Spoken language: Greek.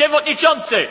Przewodniczący!